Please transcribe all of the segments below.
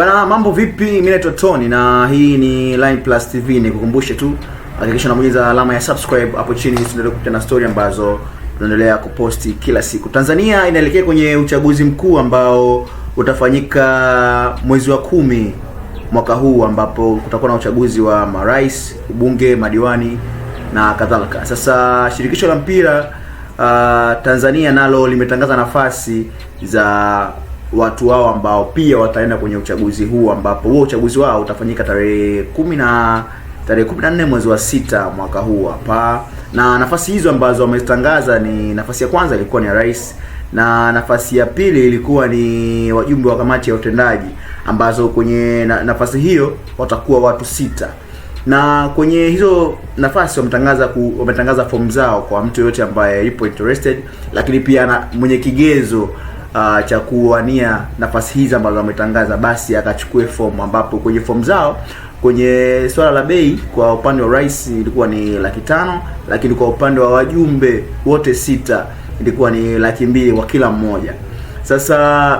Bana, mambo vipi? Mimi naitwa Tony na hii ni Line Plus TV. Nikukumbushe tu hakikisha unabonyeza alama ya subscribe hapo chini ili usiendelee kupitana story ambazo tunaendelea kuposti kila siku. Tanzania inaelekea kwenye uchaguzi mkuu ambao utafanyika mwezi wa kumi mwaka huu ambapo kutakuwa na uchaguzi wa marais, ubunge, madiwani na kadhalika. Sasa shirikisho la mpira uh, Tanzania nalo limetangaza nafasi za watu wao ambao pia wataenda kwenye uchaguzi huu ambapo huo uchaguzi wao utafanyika tarehe kumi na tarehe kumi na nne mwezi wa sita mwaka huu hapa, na nafasi hizo ambazo wametangaza ni nafasi ya kwanza ilikuwa ni ya rais na nafasi ya pili ilikuwa ni wajumbe wa kamati ya utendaji ambazo kwenye na, nafasi hiyo watakuwa watu sita, na kwenye hizo nafasi wametangaza ku, wametangaza fomu zao kwa mtu yoyote ambaye yupo interested, lakini pia na mwenye kigezo uh, cha kuwania nafasi hizi ambazo wametangaza, basi akachukue fomu, ambapo kwenye fomu zao kwenye swala la bei kwa upande wa rais ilikuwa ni laki tano, lakini kwa upande wa wajumbe wote sita ilikuwa ni laki mbili kwa kila mmoja. Sasa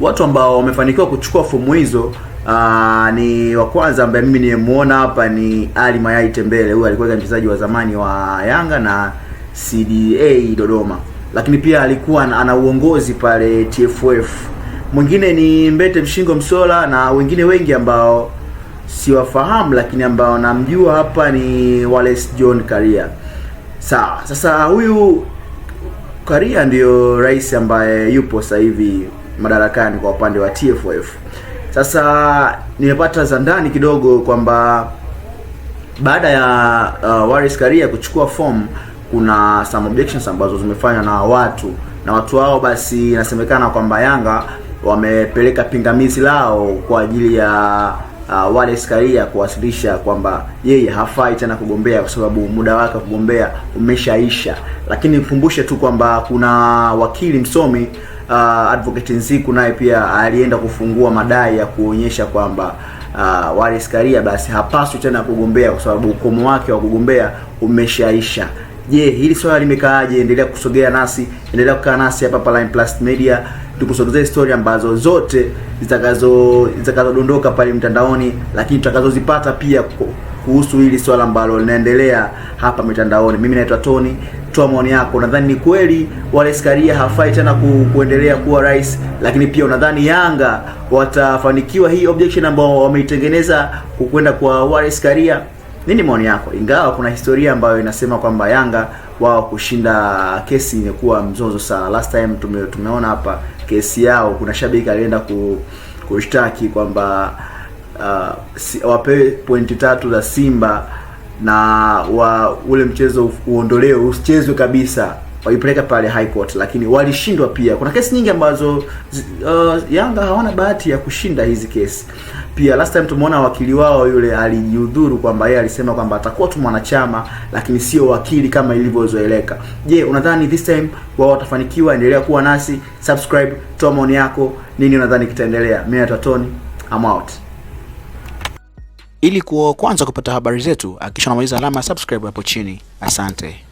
watu ambao wamefanikiwa kuchukua fomu hizo Aa, ah, ni wa kwanza ambaye mimi nimemuona hapa ni Ali Mayai Tembele. Huyu alikuwa mchezaji wa zamani wa Yanga na CDA Dodoma lakini pia alikuwa ana uongozi pale TFF. Mwingine ni Mbete Mshingo Msola na wengine wengi ambao siwafahamu, lakini ambao namjua hapa ni Wallace John Karia. Sawa, sasa huyu Karia ndiyo rais ambaye yupo sasa hivi madarakani kwa upande wa TFF. Sasa nimepata za ndani kidogo kwamba baada ya uh, Wallace Karia kuchukua fomu kuna some objections ambazo zimefanywa na watu na watu hao, basi inasemekana kwamba Yanga wamepeleka pingamizi lao kwa ajili ya uh, Wallace Karia kuwasilisha kwamba yeye hafai tena kugombea kwa sababu muda wake wa kugombea umeshaisha. Lakini nikukumbushe tu kwamba kuna wakili msomi uh, Advocate Nziku naye pia alienda kufungua madai ya kuonyesha kwamba uh, Wallace Karia basi hapaswi tena kugombea kwa sababu ukomo wake wa kugombea umeshaisha. Je, hili swala limekaaje? Endelea kusogea nasi, endelea kukaa nasi hapa Line Plus Media, tukusogezee story ambazo zote zitakazo zitakazodondoka pale mtandaoni, lakini tutakazozipata pia kuhusu hili swala ambalo linaendelea hapa mitandaoni. Mimi naitwa Tony, toa maoni yako. Nadhani ni kweli Wallace Karia hafai tena ku, kuendelea kuwa rais, lakini pia unadhani Yanga watafanikiwa hii objection ambao wameitengeneza kukwenda kwa Wallace Karia? Nini maoni yako? Ingawa kuna historia ambayo inasema kwamba Yanga wao kushinda kesi imekuwa mzozo sana. Last time tume, tumeona hapa kesi yao, kuna shabiki alienda ku, kushtaki kwamba uh, si, wapewe pointi tatu za Simba na wa ule mchezo uondolewe usichezwe kabisa waipeleka pale high court, lakini walishindwa pia. Kuna kesi nyingi ambazo uh, Yanga hawana bahati ya kushinda hizi kesi. Pia last time tumeona wakili wao yule alijihudhuru kwamba yeye alisema kwamba atakuwa tu mwanachama, lakini sio wakili kama ilivyozoeleka. Je, unadhani this time wao watafanikiwa? Endelea kuwa nasi, subscribe, toa maoni yako. Nini unadhani kitaendelea? Mimi Tony, I'm out. Ili kuwa kwanza kupata habari zetu, hakikisha unabonyeza alama ya subscribe hapo chini. Asante.